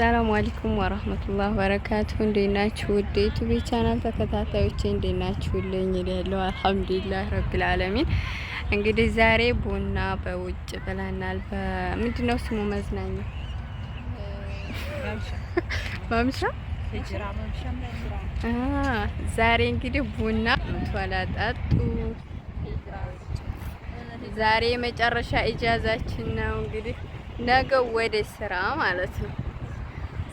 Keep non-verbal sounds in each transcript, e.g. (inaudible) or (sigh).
ሰላም አለይኩም ወራህመቱላህ በረካቱ። እንዴት ናችሁ? ውድ ዩቲዩብ ቻናል ተከታታዮቼ እንዴት ናችሁልኝ? ያለው አልሐምዱሊላህ ረብል አለሚን እንግዲህ ዛሬ ቡና በውጭ ብለናል። ነው ስሙ መዝናኛ ማምሻ ዛሬ እንግዲህ ቡና ምትዋላ ጠጡ። ዛሬ የመጨረሻ ኢጃዛችን ነው እንግዲህ ነገ ወደ ስራ ማለት ነው።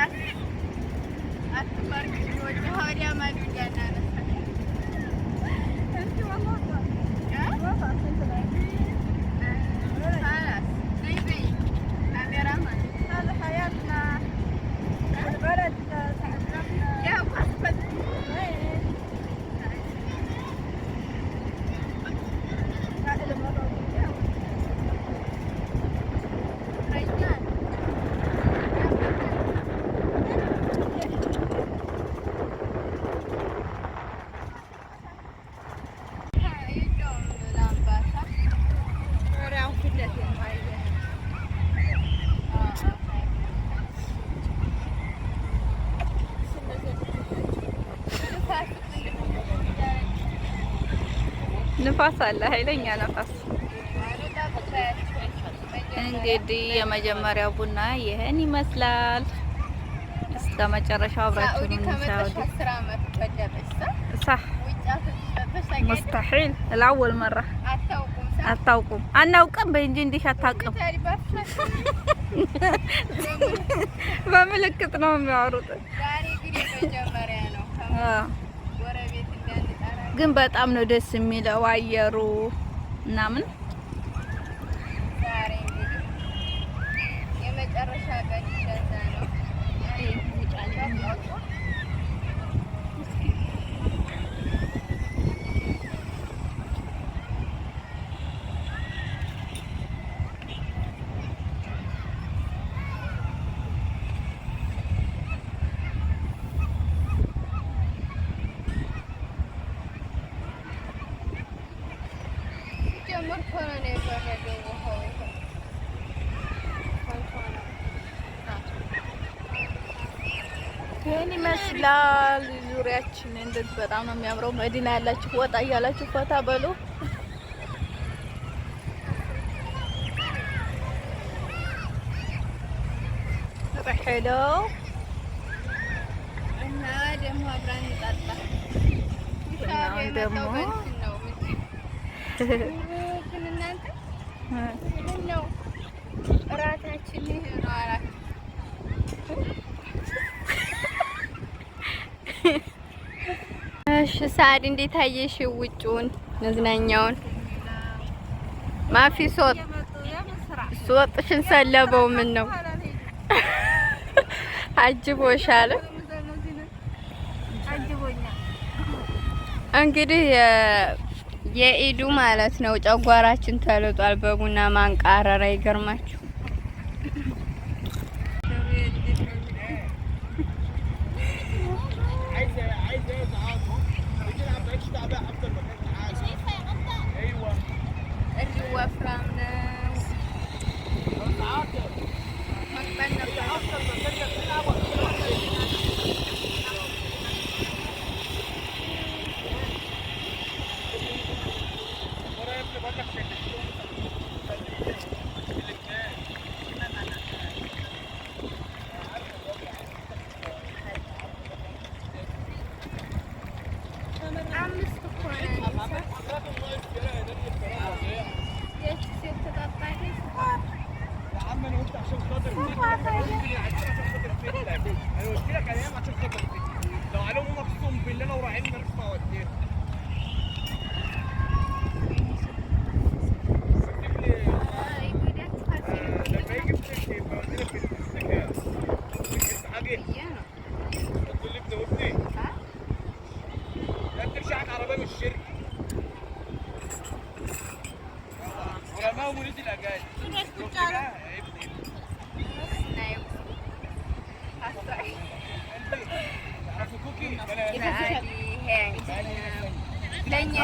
Aku baru keluar Johor dia malu dia nak ንፋስ አለ፣ ኃይለኛ ንፋስ። እንግዲህ የመጀመሪያው ቡና ይህን ይመስላል። እስከ መጨረሻው አብራችሁን እንሳውዲ ሳ ሙስተሒል መራ አታውቁም፣ አናውቅም በእንጂ እንዲህ አታውቅም። (laughs) በምልክት ነው የሚያወሩት። ግን በጣም ነው ደስ የሚለው አየሩ ምናምን ይላል ዙሪያችን። እንደት በጣም ነው የሚያምረው። መዲና ያላችሁ ወጣ እያላችሁ ፈታ በሉ። ሄለው እና ደግሞ አብራን ይጣጣ ደግሞ እናንተ ምነው እራታችን ሳድ እንዴት አየሽ? ውጭውን መዝናኛውን ማፊ ሶጥ ሶጥሽን ሰለበው። ምን ነው አጅቦሻል? እንግዲህ የኢዱ ማለት ነው። ጨጓራችን ተልጧል በቡና ማንቃረራ። ይገርማችሁ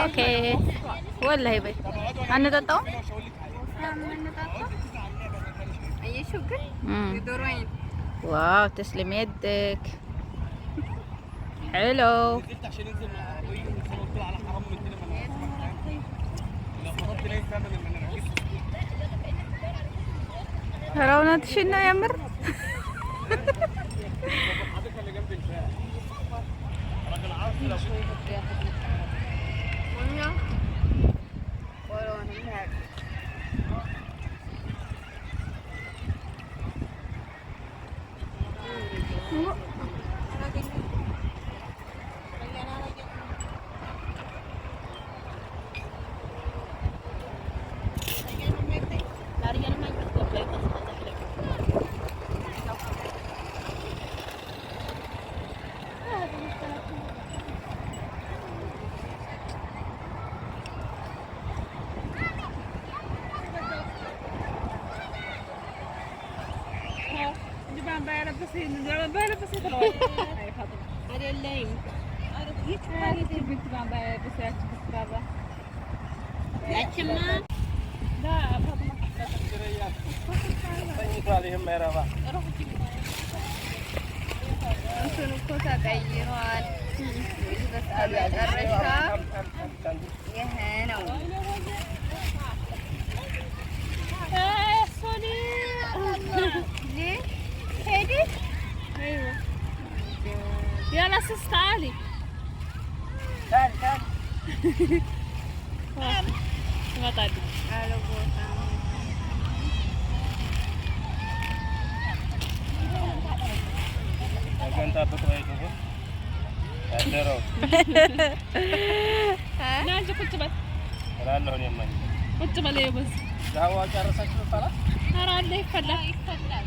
ኦኬ ወላሂ በይ አንጠጣውም። ዋው ተስልም የድክ ሄሎ ኧረ እውነትሽን ነው የምር Понял? Är det lame? Hiç bir kıran da bu sefer kısırada. Açma. Da Fatıma. Sayın Salih'im merhaba. Sunu kusa beyyirhan. Sunu kusa beyyirhan. assustarem. Cara, cara. Ó, vontade. Ah, eu vou. ቁጭ በል ይበዝ ዛዋ ጨረሳችሁ ይባላል። ኧረ አለ ይፈላል ይፈላል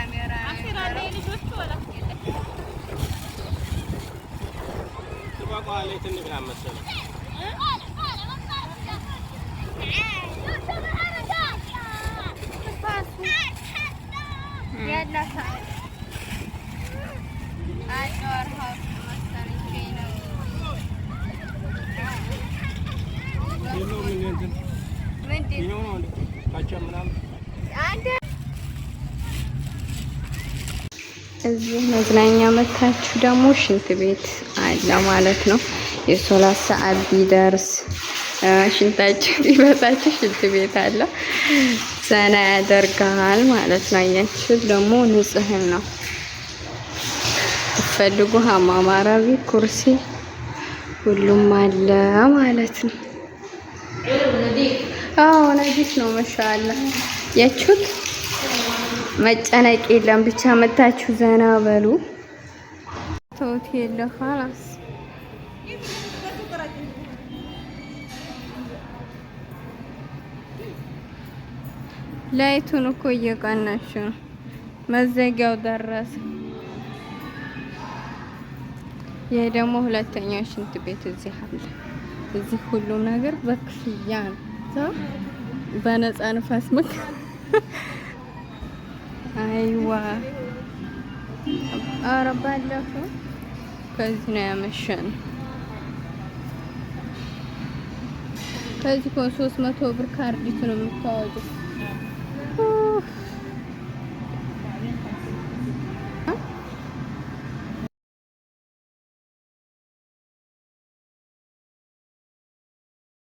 ምንድን ነው? አንድ እዚህ መዝናኛ መታችሁ ደግሞ ሽንት ቤት አለ ማለት ነው። የሶላት ሰዓት ቢደርስ ሽንታችሁ ቢበጣችሁ ሽንት ቤት አለ፣ ዘና ያደርጋል ማለት ነው። አያችሁ ደግሞ ንጽህን ነው። ፈልጉ ሀማም፣ አረቢ፣ ኩርሲ ሁሉም አለ ማለት ነው። አዎ ነዲስ ነው። መሻአላ ያችሁት መጨነቅ የለም ብቻ መታችሁ ዘና በሉ። ተውት የለ ኻላስ ላይቱን እኮ እየቀናችሁ ነው። መዘጊያው ደረሰ። ይህ ደግሞ ሁለተኛው ሽንት ቤት እዚህ አለ። እዚህ ሁሉም ነገር በክፍያ ነው። በነፃ ንፋስ ምክ አይዋ አረ ባለፈው ከዚህ ነው ያመሸን ከዚህ እኮ ሶስት መቶ ብር ካርዲት ነው የምታወጡት።